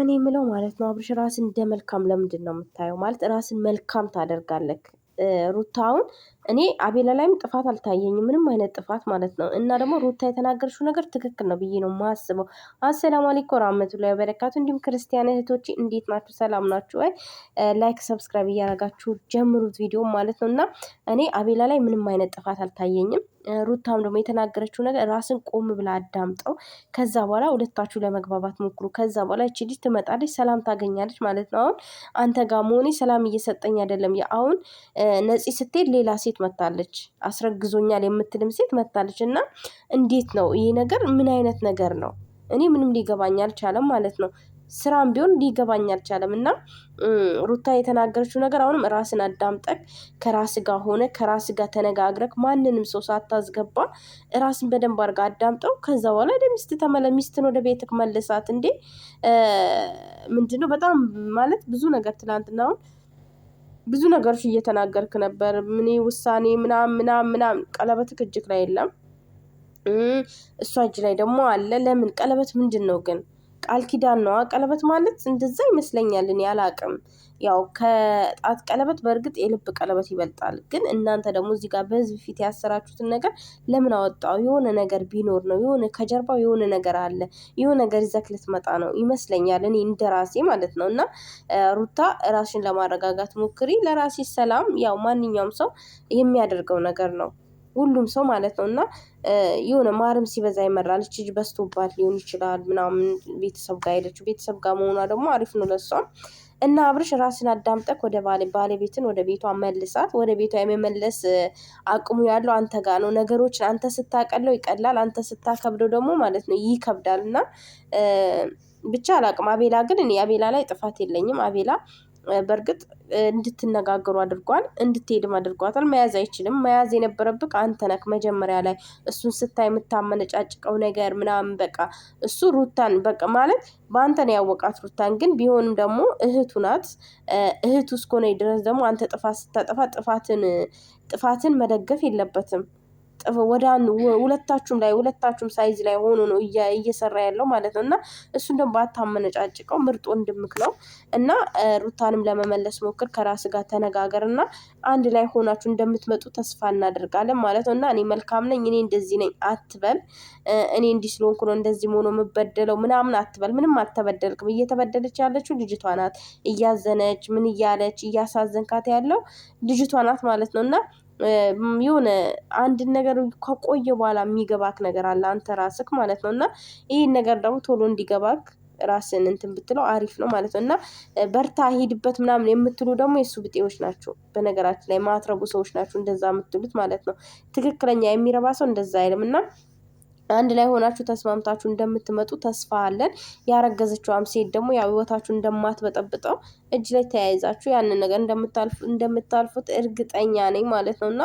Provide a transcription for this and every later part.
እኔ ምለው ማለት ነው አብርሽ ራስን እንደ መልካም ለምንድን ነው የምታየው? ማለት ራስን መልካም ሩታ ሩታውን እኔ አቤላ ላይም ጥፋት አልታየኝም፣ ምንም አይነት ጥፋት ማለት ነው። እና ደግሞ ሩታ የተናገርሽው ነገር ትክክል ነው ብዬ ነው ማስበው። አሰላሙ አለይኩም ወራህመቱላሂ ወበረካቱ። እንዲሁም ክርስቲያን እህቶች እንዴት ናችሁ? ሰላም ናችሁ ወይ? ላይክ ሰብስክራይብ እያደረጋችሁ ጀምሩት ቪዲዮ ማለት ነው። እና እኔ አቤላ ላይ ምንም አይነት ጥፋት አልታየኝም። ሩታም ደግሞ የተናገረችው ነገር ራስን ቆም ብላ አዳምጠው፣ ከዛ በኋላ ሁለታችሁ ለመግባባት ሞክሩ። ከዛ በኋላ እቺ ልጅ ትመጣለች፣ ሰላም ታገኛለች ማለት ነው። አሁን አንተ ጋር መሆኔ ሰላም እየሰጠኝ አይደለም። አሁን ነፂ ስትሄድ ሌላ ሴት መታለች፣ አስረግዞኛል የምትልም ሴት መታለች። እና እንዴት ነው ይሄ ነገር? ምን አይነት ነገር ነው? እኔ ምንም ሊገባኝ አልቻለም ማለት ነው። ስራም ቢሆን ሊገባኝ አልቻለም። እና ሩታ የተናገረችው ነገር አሁንም ራስን አዳምጠክ ከራስ ጋር ሆነ ከራስ ጋር ተነጋግረክ ማንንም ሰው ሳታስገባ ራስን በደንብ አድርጋ አዳምጠው። ከዛ በኋላ ወደ ሚስት ተመለ ሚስትን ወደ ቤትክ መልሳት። እንዴ ምንድነው በጣም ማለት ብዙ ነገር ትላንትና አሁን ብዙ ነገሮች እየተናገርክ ነበር። ምን ውሳኔ ምናም ምናም ምናም ቀለበትክ እጅክ ላይ የለም እሷ እጅ ላይ ደግሞ አለ። ለምን ቀለበት ምንድን ነው ግን ቃል ኪዳን ነዋ። ቀለበት ማለት እንደዛ ይመስለኛል። እኔ አላቅም። ያው ከጣት ቀለበት በእርግጥ የልብ ቀለበት ይበልጣል። ግን እናንተ ደግሞ እዚህ ጋር በህዝብ ፊት ያሰራችሁትን ነገር ለምን አወጣው? የሆነ ነገር ቢኖር ነው። የሆነ ከጀርባው የሆነ ነገር አለ። የሆነ ነገር ይዘክ ልትመጣ ነው ይመስለኛል። እኔ እንደ ራሴ ማለት ነው። እና ሩታ ራስሽን ለማረጋጋት ሞክሪ። ለራሴ ሰላም ያው ማንኛውም ሰው የሚያደርገው ነገር ነው። ሁሉም ሰው ማለት ነው። እና የሆነ ማርም ሲበዛ ይመራል። እች ልጅ በስቶባት ሊሆን ይችላል ምናምን ቤተሰብ ጋር ሄደችው። ቤተሰብ ጋር መሆኗ ደግሞ አሪፍ ነው ለሷም። እና አብርሽ ራስን አዳምጠክ ወደ ባለቤትን ወደ ቤቷ መልሳት። ወደ ቤቷ የመመለስ አቅሙ ያለው አንተ ጋር ነው። ነገሮችን አንተ ስታቀለው ይቀላል፣ አንተ ስታከብደው ደግሞ ማለት ነው ይከብዳል። እና ብቻ አላቅም። አቤላ ግን እኔ አቤላ ላይ ጥፋት የለኝም። አቤላ በእርግጥ እንድትነጋገሩ አድርጓል፣ እንድትሄድም አድርጓታል። መያዝ አይችልም። መያዝ የነበረብህ አንተ ነክ መጀመሪያ ላይ እሱን ስታይ የምታመነጫጭቀው ነገር ምናምን በቃ እሱ ሩታን በቃ ማለት በአንተ ነው ያወቃት። ሩታን ግን ቢሆንም ደግሞ እህቱ ናት። እህቱ እስከሆነ ድረስ ደግሞ አንተ ጥፋት ስታጠፋ ጥፋትን ጥፋትን መደገፍ የለበትም። ያቀፈ ወደ ሁለታችሁም ላይ ሁለታችሁም ሳይዝ ላይ ሆኖ ነው እየሰራ ያለው ማለት ነው። እና እሱን ደግሞ አታመነጫጭቀው፣ ምርጥ ወንድምክ ነው እና ሩታንም ለመመለስ ሞክር፣ ከራስ ጋር ተነጋገር እና አንድ ላይ ሆናችሁ እንደምትመጡ ተስፋ እናደርጋለን ማለት ነው። እና እኔ መልካም ነኝ፣ እኔ እንደዚህ ነኝ አትበል። እኔ እንዲህ ስለሆንኩ ነው እንደዚህ መሆኖ የምበደለው ምናምን አትበል። ምንም አልተበደልክም። እየተበደለች ያለችው ልጅቷ ናት። እያዘነች ምን እያለች እያሳዘንካት ያለው ልጅቷ ናት ማለት ነው እና የሆነ አንድን ነገር ከቆየ በኋላ የሚገባክ ነገር አለ አንተ ራስክ ማለት ነው። እና ይህን ነገር ደግሞ ቶሎ እንዲገባክ ራስን እንትን ብትለው አሪፍ ነው ማለት ነው። እና በርታ ሂድበት ምናምን የምትሉ ደግሞ የእሱ ብጤዎች ናቸው። በነገራችን ላይ ማትረቡ ሰዎች ናቸው እንደዛ የምትሉት ማለት ነው። ትክክለኛ የሚረባ ሰው እንደዛ አይልም እና አንድ ላይ ሆናችሁ ተስማምታችሁ እንደምትመጡ ተስፋ አለን። ያረገዘችዋም ሴት ደግሞ ያው ህይወታችሁ እንደማትበጠብጠው እጅ ላይ ተያይዛችሁ ያንን ነገር እንደምታልፉት እርግጠኛ ነኝ ማለት ነው እና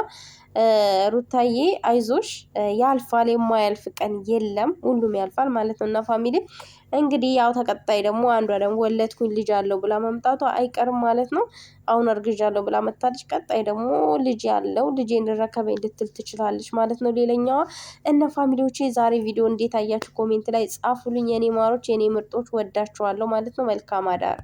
ሩታዬ አይዞሽ፣ ያልፋል። የማያልፍ ቀን የለም፣ ሁሉም ያልፋል ማለት ነው እና ፋሚሊ እንግዲህ ያው ተቀጣይ ደግሞ አንዷ ደግሞ ወለድኩኝ ልጅ አለው ብላ መምጣቷ አይቀርም ማለት ነው። አሁን እርግዣለሁ ብላ መታለች። ቀጣይ ደግሞ ልጅ ያለው ልጅ እንረከበኝ ልትል ትችላለች ማለት ነው። ሌላኛዋ እነ ፋሚሊዎቼ ዛሬ ቪዲዮ እንዴት አያችሁ? ኮሜንት ላይ ጻፉልኝ። የኔ ማሮች፣ የኔ ምርጦች፣ ወዳችኋለሁ ማለት ነው። መልካም አዳር